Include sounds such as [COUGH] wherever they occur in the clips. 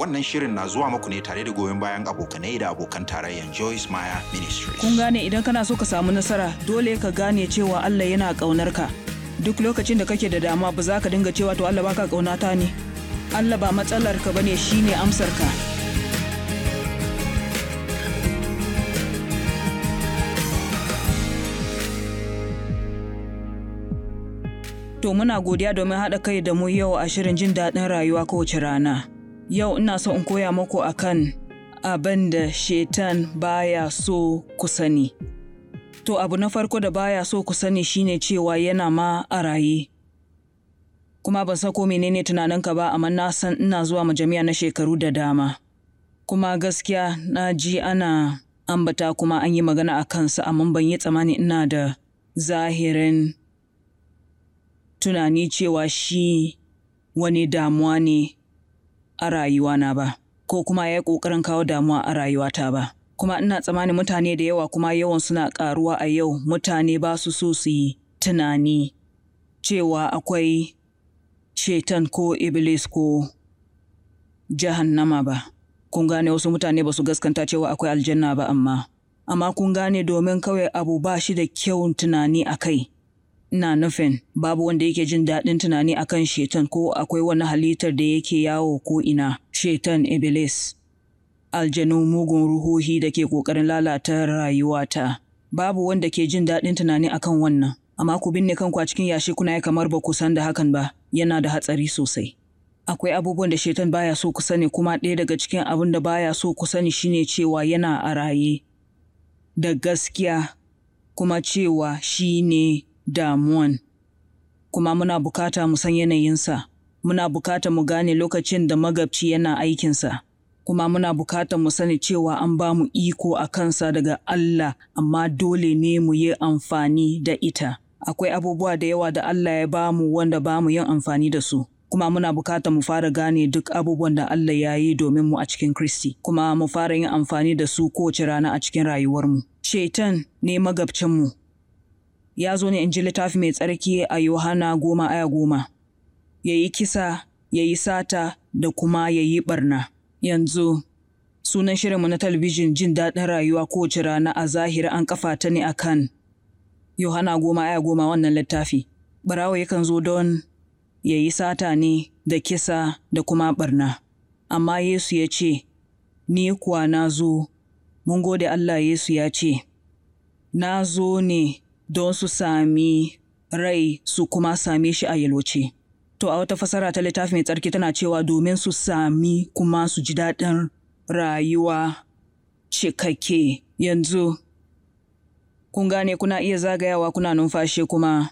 Wannan shirin na zuwa muku ne tare da goyon bayan abokanai da abokan tarayyar Joyce Maya Ministries. Kun gane idan kana so ka samu nasara dole ka gane cewa Allah yana ƙaunar ka. Duk lokacin da kake da dama ba za ka dinga cewa to Allah baka ƙaunata ne. Allah ba matsalar ka bane shine amsar ka. To muna godiya domin haɗa kai da mu yau a shirin jin daɗin rayuwa kowace rana. Yau ina so in koya muku akan abin da shetan baya so ku sani. To abu na farko da baya so ku sani shine cewa yana ma a raye. Kuma ban sako menene tunaninka ba amma na san ina zuwa majami'a na shekaru da dama. Kuma gaskiya na ji ana ambata kuma an yi magana a kansa amma ban yi tsammani ina da zahirin tunani cewa shi wani damuwa ne a rayuwana ba ko kuma ya yi ƙoƙarin kawo damuwa a rayuwata ba. Kuma ina tsammanin mutane da yawa kuma yawan suna ƙaruwa a yau mutane ba su so su yi tunani cewa akwai shetan ko iblis ko jahannama ba. Kun gane wasu mutane ba su gaskanta cewa akwai aljanna ba amma. Amma kun gane domin kawai abu ba shi da kyau tunani a kai. ina nufin babu wanda yake jin daɗin tunani akan shetan ko akwai wani halittar da yake yawo ko ina shetan iblis aljanu mugun ruhohi da ke ƙoƙarin lalata rayuwata babu wanda ke jin daɗin tunani akan wannan amma ku binne kanku a cikin yashi kuna ya kamar ba ku san da hakan ba yana da hatsari sosai akwai abubuwan da shetan baya so ku sani kuma ɗaya daga cikin abin da baya so ku sani shine cewa yana a raye da gaskiya kuma cewa shine ne damuwan kuma muna bukata mu san yanayinsa muna bukata mu gane lokacin da magabci yana aikinsa kuma muna bukata mu sani cewa an ba mu iko a kansa daga Allah amma dole ne mu yi amfani da ita akwai abubuwa da yawa da Allah ya ba mu wanda ba mu yin amfani da su kuma muna bukata mu fara gane duk abubuwan da Allah ya yi domin mu a cikin Kristi kuma mu fara yin amfani da su kowace rana a cikin rayuwarmu. Shaitan ne magabcinmu ya zo ne in ji littafi mai tsarki a Yohana goma aya goma. Ya yi kisa, ya yi sata da kuma ya yi barna. Yanzu, sunan shirinmu na talabijin jin daɗin rayuwa kowace rana a zahiri an kafa ta ne a kan Yohana goma aya goma wannan littafi. Barawa yakan zo don ya yi sata ne da kisa da kuma ɓarna. Amma Yesu ya ce, Ni kuwa na zo, mun gode Allah Yesu ya ce, Na zo ne don su sami rai su kuma same shi a yalwace. To a wata fasara ta littafi mai tsarki tana cewa domin su sami kuma su ji daɗin rayuwa cikakke yanzu. Kun gane kuna iya zagayawa kuna numfashi kuma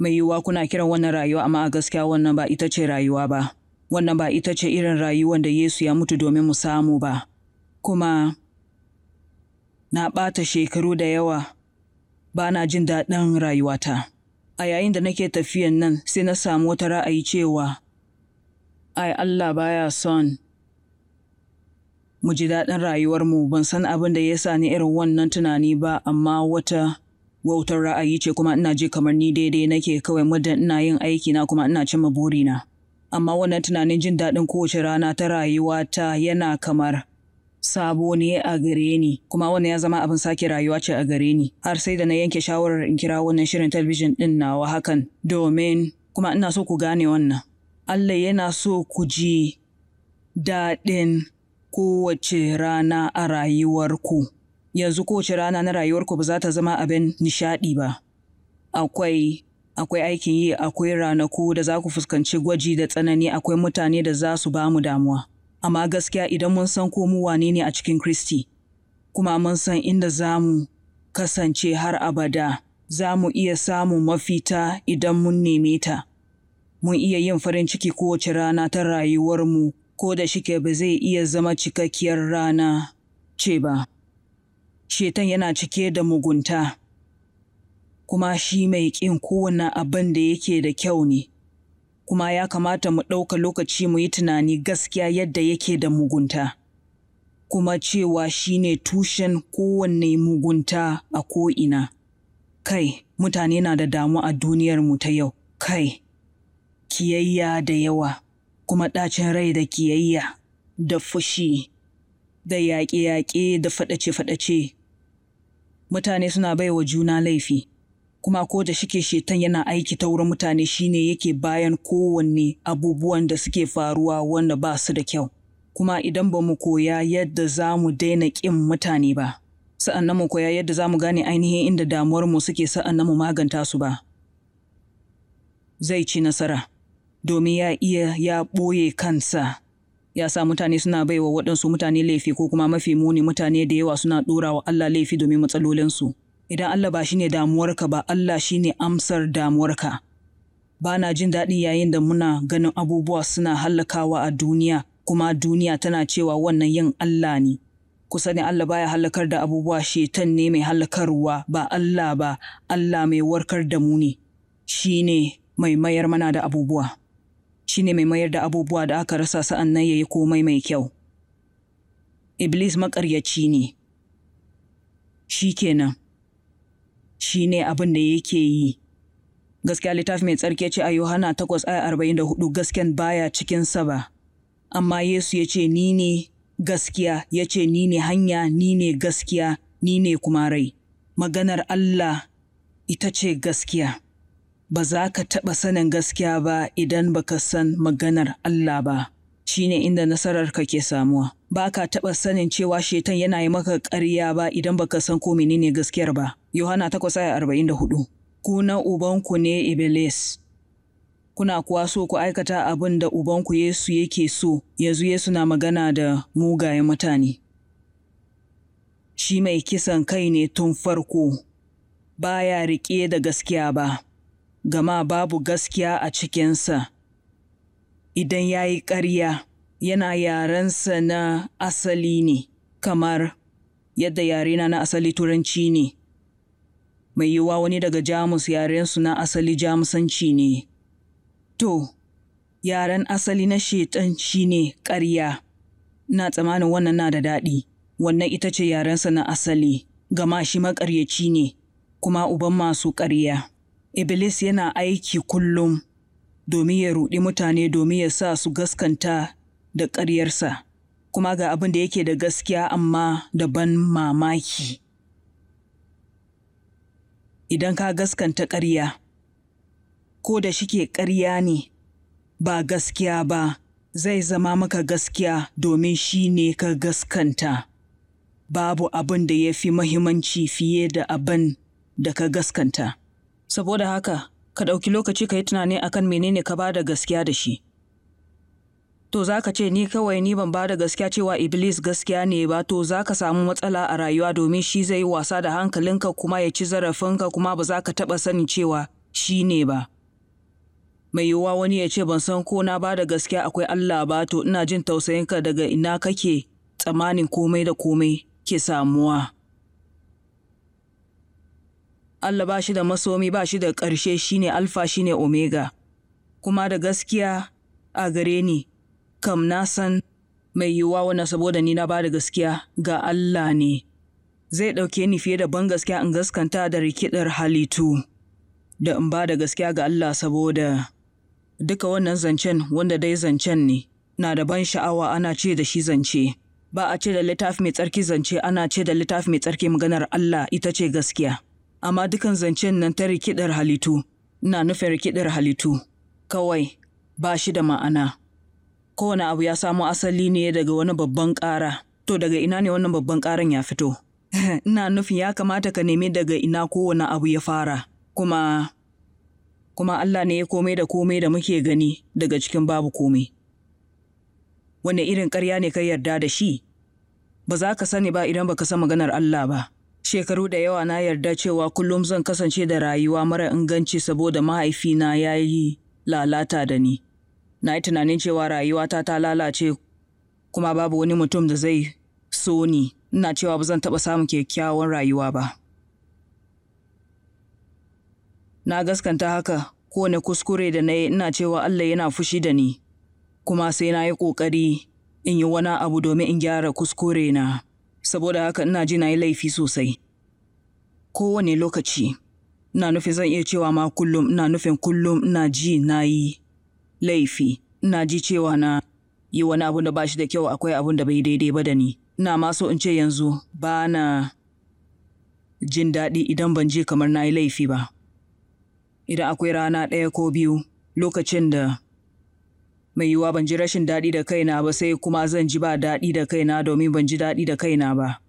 mai yiwuwa kuna kiran wannan rayuwa amma a gaskiya wannan ba ita ce rayuwa ba. Wannan ba ita ce irin rayuwan da Yesu ya mutu domin mu samu ba. Kuma na ɓata shekaru da yawa ba na jin daɗin rayuwata. A yayin da nake tafiyan nan sai na samu wata ra'ayi cewa, Ai, Allah baya son mu ji daɗin mu. ban san abin da ya sa ni irin wannan tunani ba amma wata wautar ra'ayi ce kuma ina ji kamar ni daidai nake kawai muddin ina yin aiki na kuma ina cimma burina. Amma wannan tunanin jin daɗin kowace rana ta rayuwata yana kamar sabo ne a gare ni kuma wannan ya zama abin sake rayuwa ce a gare ni har sai da na yanke shawarar in kira wannan shirin talabijin din nawa hakan domin kuma ina so ku gane wannan Allah yana so ku ji daɗin kowace rana a rayuwarku yanzu kowace rana na rayuwarku ba za ta zama abin nishaɗi ba akwai akwai aikin yi akwai ranaku da za ku fuskanci gwaji da tsanani akwai mutane da za su ba mu damuwa amma gaskiya idan mun san ko mu wane ne a cikin Kristi, kuma mun san inda za mu kasance har abada, za mu iya samun mafita idan mun neme ta. Mun iya yin farin ciki kowace rana ta rayuwarmu, ko da shike ba zai iya zama cikakkiyar rana ce ba. Shetan yana cike da mugunta, kuma shi mai ƙin kowane abin da yake da kyau ne. kuma ya kamata mu ɗauka lokaci mu yi tunani gaskiya yadda yake da mugunta kuma cewa shi ne tushen kowanne mugunta a ko'ina kai mutane na da damu a duniyarmu ta yau kai kiyayya da yawa kuma ɗacin rai da kiyayya da fushi da yaƙe-yaƙe da faɗace-faɗace mutane suna baiwa juna laifi kuma ko da shike shetan yana aiki ta wurin mutane shine yake bayan kowanne abubuwan da suke faruwa wanda ba su da kyau kuma idan ba mu koya yadda za mu daina ƙin mutane ba sa'annan mu koya yadda za mu gane ainihin inda damuwar mu suke sa'annan mu maganta su ba zai ci nasara domin ya iya ya ɓoye kansa ya sa mutane suna baiwa waɗansu mutane laifi ko kuma mafi muni mutane da yawa suna ɗora wa Allah laifi domin matsalolinsu. idan Allah ba shi shine damuwarka ba Allah shi ne amsar damuwarka ba na jin daɗin yayin da muna ganin abubuwa suna hallakawa a duniya kuma duniya tana cewa wannan yin Allah ne kusa ne Allah baya hallakar da abubuwa shetan ne mai hallakarwa ba Allah ba Allah mai warkar da mu ne Shi ne mai mayar mana da abubuwa Shi ne mai mayar da abubuwa da aka rasa sa'an nan ya yi komai mai kyau Iblis maƙaryaci ne. Shi kenan. shi ne abin da yake yi gaskiya littafi mai tsarki ce a yohana arba'in da hudu gasken baya cikinsa ba amma yesu ya ce ni ne gaskiya ya ce ni ne hanya ni ne gaskiya ni ne kuma rai maganar allah ita ce gaskiya ba za ka taɓa sanin gaskiya ba idan ba ka san maganar allah ba Shi ne inda nasarar ka ke samuwa ba ka taɓa sanin cewa shetan yana yi maka ƙarya ba idan ba ka san ko menene gaskiyar ba Yohana takwas aya Ku na ubanku ne Iblis. Kuna kuwa so ku aikata abin da ubanku Yesu yake so, yanzu Yesu na magana da mugayen mutane. Shi mai kisan kai ne tun farko, baya riƙe da gaskiya ba, gama babu gaskiya a cikinsa. Idan ya yi ƙarya, yana yarensa na asali ne, kamar yadda yarena na asali turanci ne. mai yiwuwa wani daga Jamus yaren su na asali Jamusanci ne. To, yaren asali na shetan shi ne ƙarya. Na tsamanin wannan na da daɗi, wannan ita ce yarensa na asali, gama shi maƙaryaci ne, kuma uban masu ƙarya. Iblis yana aiki kullum domin ya ruɗi mutane domin ya sa su gaskanta da ƙaryarsa, kuma ga abin da yake da gaskiya amma daban mamaki. idan ka gaskanta ƙarya ko da shike ƙarya ne ba gaskiya ba zai zama maka gaskiya domin shi ne ka gaskanta babu abin da ya fi mahimmanci fiye da abin da ka gaskanta saboda haka ka ɗauki lokaci ka yi tunani akan menene ka ba da gaskiya da shi to za ka ce ni kawai ni ban bada gaskiya cewa iblis gaskiya ne ba to za ka samu matsala a rayuwa domin shi zai yi wasa da hankalinka kuma ya ci zarafinka kuma ba za ka taɓa sanin cewa shi ne ba mai yiwuwa wani ya ce ban san ko na bada gaskiya akwai allah ba to ina jin tausayinka daga ina kake tsamanin komai da komai ke samuwa allah ba shi da masomi ba shi da ƙarshe shine alfa shine omega kuma da gaskiya a gare ni kam na san mai yiwuwa wannan saboda ni na ba da gaskiya ga Allah ne. Zai ɗauke ni fiye da ban gaskiya in gaskanta da rikidar halittu da in da gaskiya ga Allah saboda duka wannan zancen wanda dai zancen ne na da ban sha'awa ana ce da shi zance. Ba a ce da littafi mai tsarki zance ana ce da littafi mai tsarki maganar Allah ita ce gaskiya. Amma dukan zancen nan ta rikidar halittu na nufin rikidar halittu kawai ba shi da ma'ana. kowane abu ya samo asali ne daga wani babban ƙara. To daga ina ne wannan babban ƙaran ya fito? [LAUGHS] ina nufin ya kamata ka nemi daga ina kowane abu ya fara. Kuma kuma Allah ne ya komai da komai da muke gani daga cikin babu komai. wane irin ƙarya ne ka yarda da shi? Ba za ka sani ba idan baka san maganar Allah ba. Shekaru da yawa na yarda cewa kullum zan kasance da rayuwa mara inganci saboda mahaifina ya yi lalata da ni. na yi tunanin cewa rayuwata ta lalace kuma babu wani mutum da zai so ni ina cewa ba zan taɓa samun kyakkyawan rayuwa ba na gaskanta haka kowane kuskure da na yi ina cewa allah yana fushi da ni kuma sai na yi ƙoƙari in yi wani abu domin in gyara kuskure na saboda haka ina ji na yi laifi sosai kowane lokaci ina nufin zan iya cewa ma kullum ina nufin kullum ina ji na yi laifi na ji cewa na yi wani abun da ba shi da kyau akwai abun da bai daidai ba da ni na ma so in ce yanzu ba na jin daɗi idan ban je kamar na yi laifi ba idan akwai rana ɗaya ko biyu lokacin da mai yiwuwa ban ji rashin daɗi da kaina ba sai kuma zan ji ba daɗi da kaina domin ban ji daɗi da kaina ba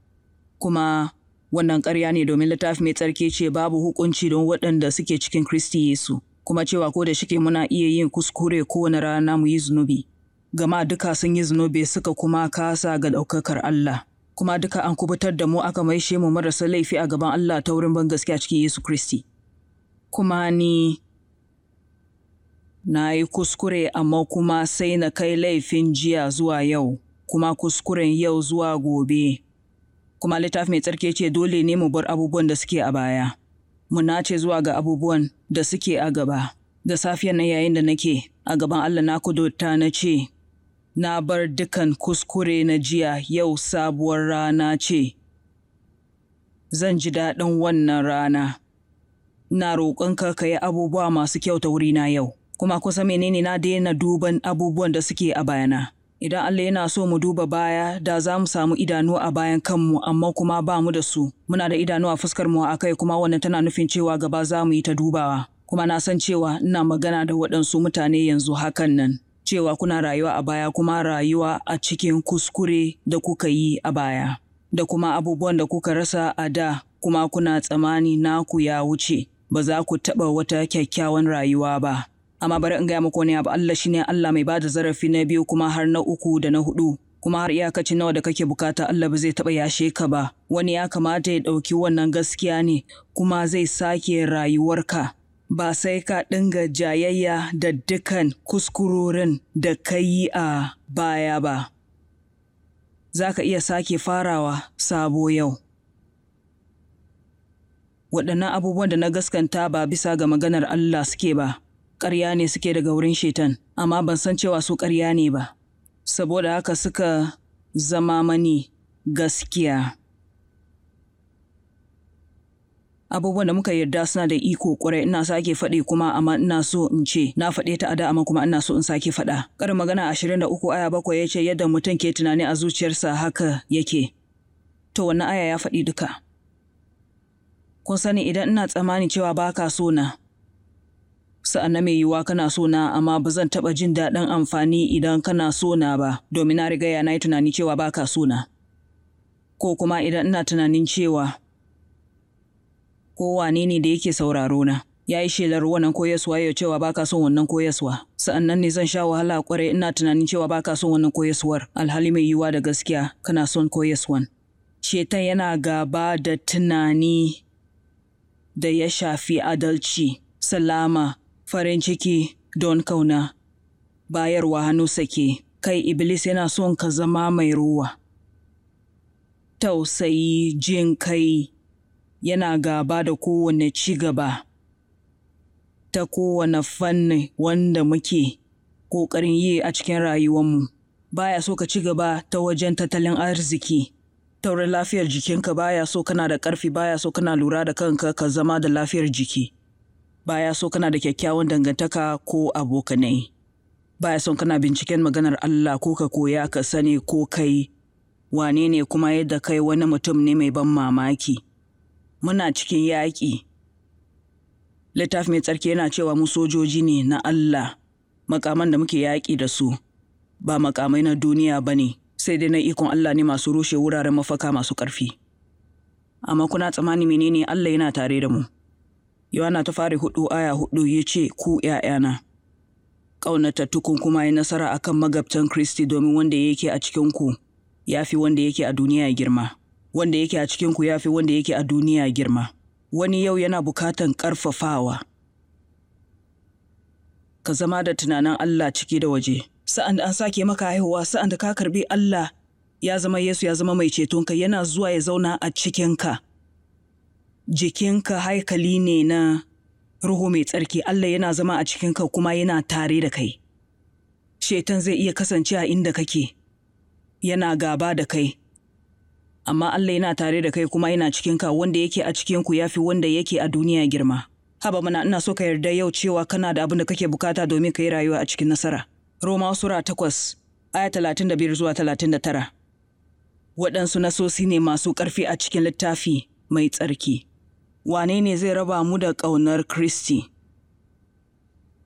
kuma wannan ƙarya ne domin littafi mai tsarki ce babu hukunci don waɗanda suke cikin Kristi Yesu. kuma cewa ko da shike muna iya yin kuskure ko na rana mu yi zunubi gama duka sun yi zunubi suka kuma kasa ga ɗaukakar Allah kuma duka an kubutar da mu aka maishe mu marasa laifi a gaban Allah ta wurin ban gaskiya cikin Yesu Kristi kuma ni na yi kuskure amma kuma sai na kai laifin jiya zuwa yau kuma kuskuren yau zuwa gobe kuma littafi mai tsarki ce dole ne mu bar abubuwan da suke a baya mu nace zuwa ga abubuwan da suke a gaba. Da safiyar na yayin da nake a gaban Allah na kudurta na ce, Na bar dukan kuskure na jiya yau sabuwar rana ce. Zan ji daɗin wannan rana. Na roƙonka ka yi abubuwa masu kyau ta wurina yau, kuma kusa menene na daina duban abubuwan da suke a bayana. Idan Allah yana so mu duba baya da za mu samu idanu a bayan kanmu amma kuma ba mu da su. Muna da idanu a fuskar mu a kai kuma wannan tana nufin cewa gaba za mu yi ta dubawa. Kuma na san cewa ina magana da waɗansu mutane yanzu hakan nan. Cewa kuna rayuwa a baya kuma rayuwa a cikin kuskure da kuka yi a baya. Da kuma abubuwan da kuka rasa a da kuma kuna tsamani naku ya wuce. Ba za ku taɓa wata kyakkyawan rayuwa ba. amma bari in gaya muku wani abu Allah shine Allah mai bada zarafi na biyu kuma har na uku da na hudu kuma har iyakacin nawa da kake bukata Allah ba zai taba yashe ka ba wani ya kamata ya ɗauki wannan gaskiya ne kuma zai sake rayuwarka ba sai ka dinga jayayya da dukan kuskurorin da ka yi a baya ba za ka iya sake farawa sabo yau waɗannan abubuwan da na gaskanta ba bisa ga maganar Allah suke ba ƙarya ne suke daga wurin shetan, amma ban san cewa su ƙarya ne ba, saboda haka suka zama mani gaskiya. Abubuwan da muka yarda suna da iko ƙwarai ina sake faɗi kuma amma ina so in ce na faɗe ta ada amma kuma ina so in sake faɗa. Karin magana ashirin da uku aya bakwai ya ce yadda mutum ke tunani a zuciyarsa haka yake. To wannan aya ya faɗi duka. Kun sani idan ina tsammani cewa baka so na, sa'an mai yiwuwa kana so na amma ba zan taɓa jin daɗin amfani idan kana so na ba domin na rigaya na yi tunani cewa ba ka so na ko kuma idan ina tunanin cewa ko wane ne da yake sauraro na ya yi shelar wannan koyaswa ya cewa ba ka son wannan koyaswa sa'an nan ne zan sha wahala kwarai ina tunanin cewa ba ka son wannan koyaswar alhali mai yiwuwa da gaskiya kana son koyaswan shetan yana gaba da tunani da ya shafi adalci salama farin ciki don kauna, bayarwa hannu sake, kai Iblis yana son ka zama mai ruwa. Tausayi jin kai yana gaba da kowane ci gaba, ta kowane fanni wanda muke ƙoƙarin yi a cikin rayuwarmu. Baya so ka ci gaba ta wajen tattalin arziki. Taurin lafiyar jikinka baya so kana da ƙarfi baya so kana lura da kanka ka zama da lafiyar jiki. baya so kana da kyakkyawan dangantaka ko abokanai baya son kana binciken maganar Allah ko ka koya ka sani ko kai wane ne kuma yadda kai wani mutum ne mai ban mamaki muna cikin yaƙi littafi mai tsarki yana cewa mu sojoji ne na Allah makaman da muke yaƙi da su ba makamai na duniya ba ne sai dai na ikon Allah ne masu rushe wuraren mafaka masu ƙarfi amma kuna tsammani menene Allah yana tare da mu Yohana ta fari hudu aya hudu ya ce ku ‘ya'yana. tukun kuma yi nasara a kan magabtan Kristi domin wanda yake a cikinku ya fi wanda yake a duniya girma. Wanda yake a cikinku ya fi wanda yake a duniya girma. Wani yau yana bukatan ƙarfafawa. Ka zama da tunanin Allah ciki da waje. Sa'an da an sake maka haihuwa, sa'an da ka karbi Allah ya zama Yesu ya zama mai cetonka yana zuwa ya zauna a cikinka. jikinka haikali ne na Ruhu mai tsarki Allah yana zama a cikinka kuma yana tare da kai. Shetan zai iya kasance a inda kake, yana gaba da kai. Amma Allah yana tare da kai kuma yana cikinka wanda yake a cikinku ya fi wanda yake a duniya girma. Haba mana ina so ka yarda yau cewa kana da abin da kake bukata domin ka yi rayuwa a cikin nasara. Roma Sura takwas, aya talatin da biyar zuwa talatin da tara. Waɗansu nasosi ne masu ƙarfi a cikin littafi mai tsarki. wane ne zai raba mu da ƙaunar Kristi?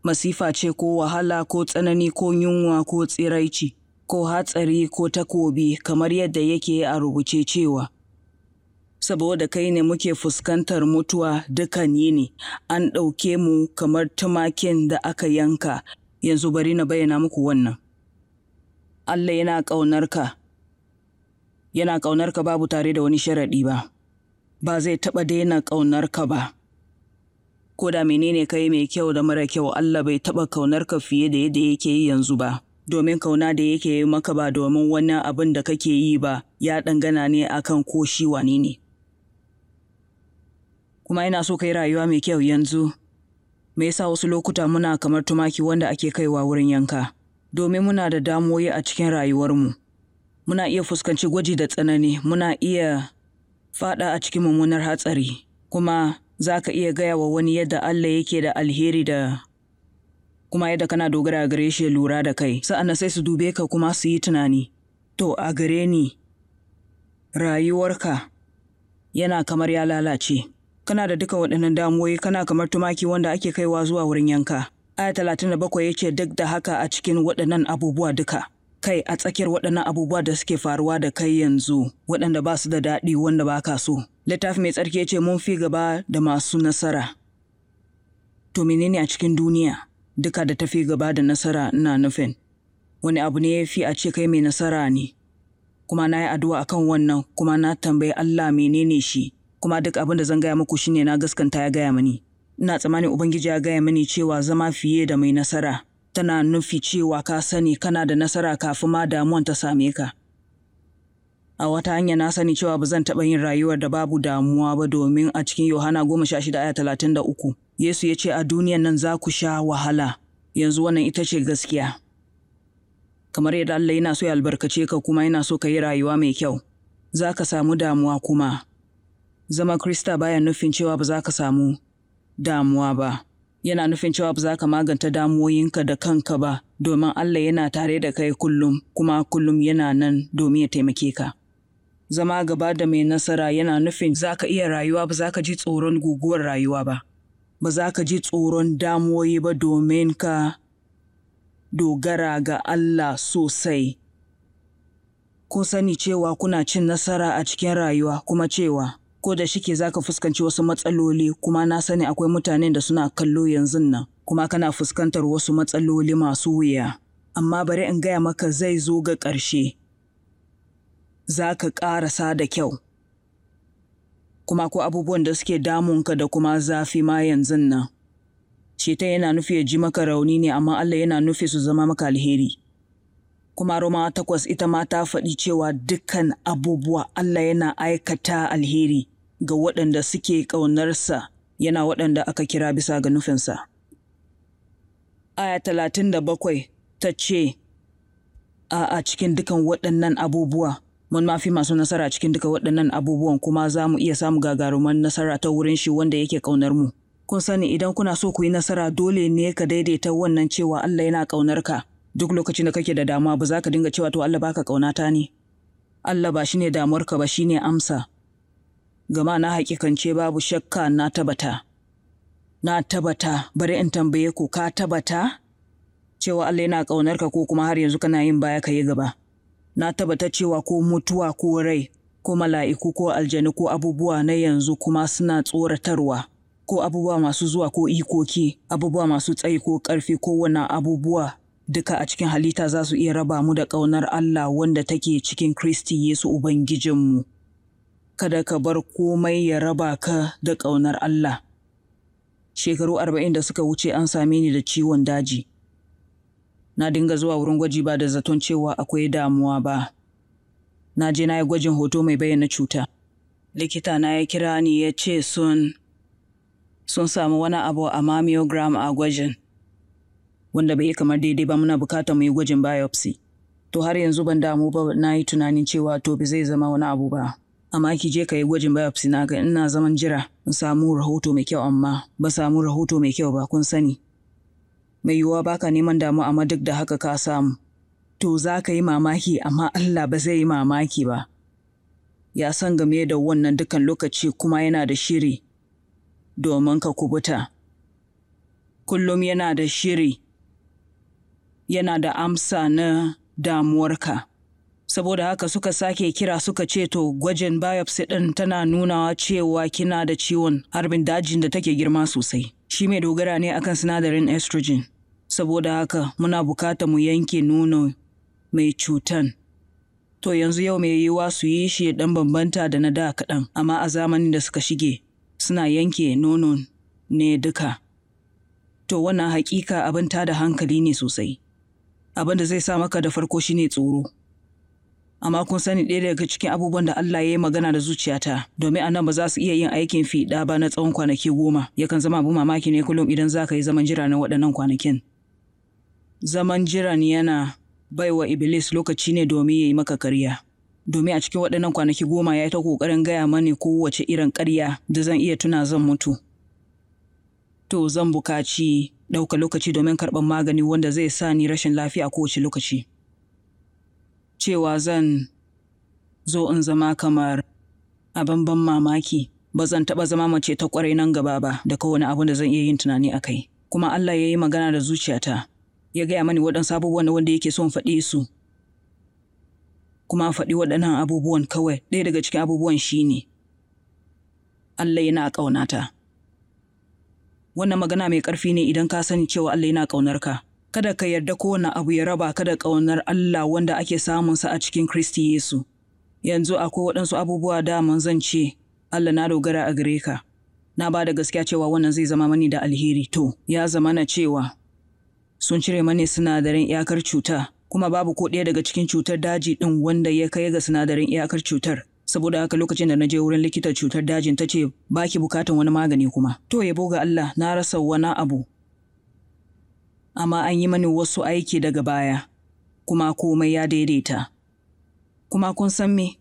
Masifa ce ko wahala ko tsanani ko yunwa ko tsiraici ko hatsari ko takobi kamar yadda yake a rubuce cewa. Saboda kai ne muke fuskantar mutuwa dukan ne, an ɗauke mu kamar tumakin da aka yanka, yanzu bari na bayyana muku wannan. Allah yana ƙaunarka, yana ƙaunarka babu tare da wani sharaɗi ba. ba zai taɓa daina ƙaunar ka ba. Ko da menene ka yi mai kyau da mara kyau Allah bai taɓa ƙaunar ka fiye da yadda yake yi yanzu ba. Domin ƙauna da yake yi maka ba domin wani abin da kake yi ba ya ɗangana ne akan ko shi wane ne. Kuma ina so ka yi rayuwa mai kyau yanzu. Me yasa wasu lokuta muna kamar tumaki wanda ake kaiwa wurin yanka? Domin muna da damuwoyi a cikin rayuwarmu. Muna iya fuskanci gwaji da tsanani, muna iya Faɗa a cikin mummunar hatsari kuma za ka iya gaya wa wani yadda Allah yake da alheri da kuma yadda kana dogara gare shi lura da kai sa'an sai su dube ka kuma su yi tunani to a gare ni rayuwarka yana kamar ya lalace kana da duka waɗannan damuwoyi kana kamar tumaki wanda ake kaiwa zuwa wurin yanka aya talatin da bakwai yake duk da haka a cikin waɗannan abubuwa duka kai a tsakiyar waɗannan abubuwa da suke faruwa da kai yanzu waɗanda ba su da daɗi wanda ba ka so. Littafi mai tsarki ce mun fi gaba da masu nasara. To menene a cikin duniya duka da fi gaba da nasara ina nufin? Wani abu ne ya fi a ce kai mai nasara ne? Kuma na yi addu'a akan wannan kuma na tambayi Allah menene shi kuma duk abin da zan gaya muku shine na gaskanta ya gaya mani. Ina tsammanin Ubangiji ya gaya mani cewa zama fiye da mai nasara tana nufi cewa ka sani kana da nasara kafin ma damuwan ta same ka. A wata hanya na sani cewa ba zan taɓa yin rayuwar da babu damuwa ba domin a cikin Yohana goma sha shida Yesu ya ce a duniyan nan za ku sha wahala, yanzu wannan ita ce gaskiya. Kamar yadda Allah yana so ya albarkace ka kuma yana so ka yi rayuwa mai kyau, za ka samu damuwa kuma. Zama Krista baya nufin cewa ba za ka samu damuwa ba. yana nufin cewa ba za ka maganta damuwoyinka da kanka ba domin Allah yana tare da kai kullum kuma kullum yana nan domin ya taimake ka. Zama gaba da mai nasara yana nufin za ka iya rayuwa ba za ka ji tsoron guguwar rayuwa ba, ba za ka ji tsoron damuwoyi ba domin ka dogara ga Allah sosai. Ko sani cewa kuna cin nasara a cikin rayuwa kuma cewa. ko da shike ka fuskanci wasu matsaloli kuma na sani akwai mutanen da suna kallo yanzu nan kuma kana fuskantar wasu matsaloli masu wuya amma bari in gaya maka zai zo ga ƙarshe za ka ƙarasa da kyau kuma ko abubuwan da suke damunka da kuma zafi ma yanzu nan ta yana nufi ya ji maka rauni ne amma Allah yana nufi su zama maka alheri kuma Roma takwas ita ma ta faɗi cewa dukkan abubuwa Allah yana aikata alheri ga waɗanda suke ƙaunarsa yana waɗanda aka kira bisa ga nufinsa. Aya talatin da bakwai ta ce, A a cikin dukan waɗannan abubuwa, mun mafi masu nasara cikin duka waɗannan abubuwan kuma za mu iya samu gagaruman nasara ta wurin shi wanda yake ƙaunar mu. Kun sani idan kuna so ku yi nasara dole ne ka daidaita wannan cewa Allah yana ƙaunar ka. duk lokacin da kake da damuwa ba za ka dinga cewa to Allah baka ta ne Allah ba shine damuwarka ba shine amsa gama na hakikance babu shakka na tabata na tabata bari in tambaye ku ka tabata cewa Allah yana kaunarka ko kuma har yanzu kana yin baya ka yi gaba na tabata cewa ko mutuwa ko rai ko mala'iku ko aljanu ko abubuwa na yanzu kuma suna tsoratarwa ko abubuwa masu zuwa ko ikoki abubuwa masu tsayi ko ƙarfi ko wani abubuwa duka a cikin halitta za su iya raba mu da ƙaunar Allah wanda take cikin Kristi Yesu Ubangijinmu. Kada ka bar komai ya raba ka da ƙaunar Allah. Shekaru arba'in da suka wuce an same ni da ciwon daji. Na dinga zuwa wurin gwaji ba da zaton cewa akwai damuwa ba. Na je na yi gwajin hoto mai bayyana cuta. Likita na ya kira ni ya ce sun sun samu wani abu a mammogram a gwajin. wanda bai yi kamar daidai ba muna bukatar mu yi gwajin biopsy to har yanzu ban damu ba na yi tunanin cewa to bi zai zama wani abu ba amma ki je ka yi gwajin biopsy na ga ina zaman jira in samu rahoto mai kyau amma ba samu rahoto mai kyau ba kun sani mai yiwuwa baka neman damu amma duk da haka ka samu to za ka yi mamaki amma Allah ba zai yi mamaki ba ya san game da wannan dukkan lokaci kuma yana da shiri domin ka kubuta kullum yana da shiri yana da amsa na damuwarka. Saboda haka suka sake kira suka ce to gwajin biopsy ɗin tana nunawa cewa kina da ciwon harbin dajin da take girma sosai. Shi mai dogara ne akan sinadarin estrogen. Saboda haka muna bukata mu yanke nono mai cutan. To yanzu yau mai yiwuwa su yi shi ɗan bambanta da na da kaɗan, amma a zamanin da suka shige suna yanke nonon ne duka. To wannan hakika abin tada hankali ne sosai. abin da zai sa maka da farko shine tsoro amma kun sani ɗaya daga cikin abubuwan da Allah ya yi magana da zuciyata domin nan ba za su iya yin aikin fiɗa ba na tsawon kwanaki goma yakan zama abin mamaki ne kullum idan za ka yi zaman jira na waɗannan kwanakin zaman jiran yana baiwa iblis lokaci ne domin ya yi maka karya domin a cikin waɗannan kwanaki goma ya yi ta ƙoƙarin gaya mani kowace irin karya da zan iya tuna zan mutu to zan buƙaci. ɗauka lokaci domin karɓar magani wanda zai sa ni rashin lafiya a kowace lokaci. Cewa zan zo in zama kamar abin ban mamaki ba zan taɓa zama mace ta ƙwarai nan gaba ba da kowane abu da zan iya yin tunani a kai. Kuma Allah ya yi magana da zuciyata ya gaya mani waɗansu abubuwan da wanda yake son faɗi su. Kuma faɗi waɗannan abubuwan kawai ɗaya daga cikin abubuwan shi ne. Allah yana ƙaunata. wannan magana mai ƙarfi ne idan ka sani cewa Allah yana ƙaunar ka kada ka yarda kowane abu ya raba ka da ƙaunar Allah wanda ake samun samunsa a cikin Kristi Yesu yanzu akwai waɗansu abubuwa da zan ce Allah na dogara a gare ka na ba da gaskiya cewa wannan zai zama mani da alheri to ya zama na cewa sun cire mani sinadarin iyakar cuta kuma babu ko ɗaya daga cikin cutar daji ɗin wanda ya kai ga sinadarin iyakar cutar saboda haka lokacin da na je wurin likitar cutar dajin ta ce ba ki bukatan wani magani kuma to yabo ga Allah na rasa wani abu amma an yi mani wasu aiki daga baya kuma komai ya daidaita kuma kun san me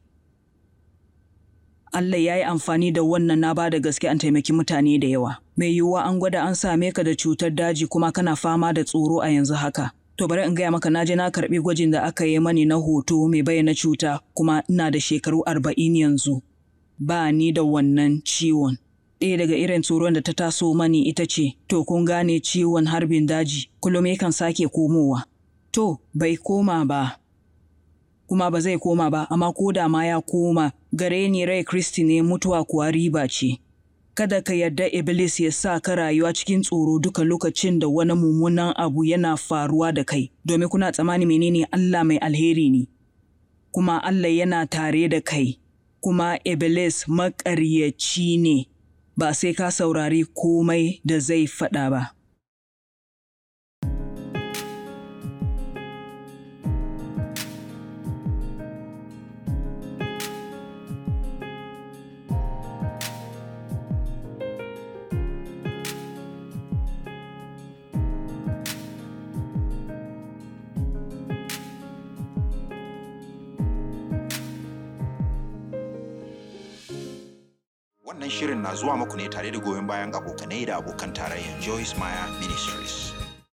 Allah ya yi amfani da wannan na ba da gaske an taimaki mutane da yawa mai yiwuwa an gwada an same ka da cutar daji kuma kana fama da tsoro a yanzu haka To bari in gaya maka na je na karɓi gwajin da aka yi mani na hoto mai bayyana cuta kuma ina da shekaru arba'in yanzu. Ba ni da wannan ciwon. Ɗaya daga irin tsoron da ta taso mani ita ce, to kun gane ciwon harbin daji, kullum yakan sake komowa. To, bai koma ba. Kuma ba zai koma ba, amma ko da ma ya koma, gare ni rai Kristi ne mutuwa kuwa riba ce. Kada ka yarda Iblis ya sa ka rayuwa cikin tsoro duka lokacin da wani mummunan abu yana faruwa da kai, domin kuna tsammani menene Allah mai alheri ne, kuma Allah yana tare da kai, kuma Iblis maƙaryaci ne, ba sai ka saurari komai da zai faɗa ba. Wannan shirin na zuwa muku ne tare da goyon bayan abokanai da abokan tarayyar Joyce Meyer Ministries.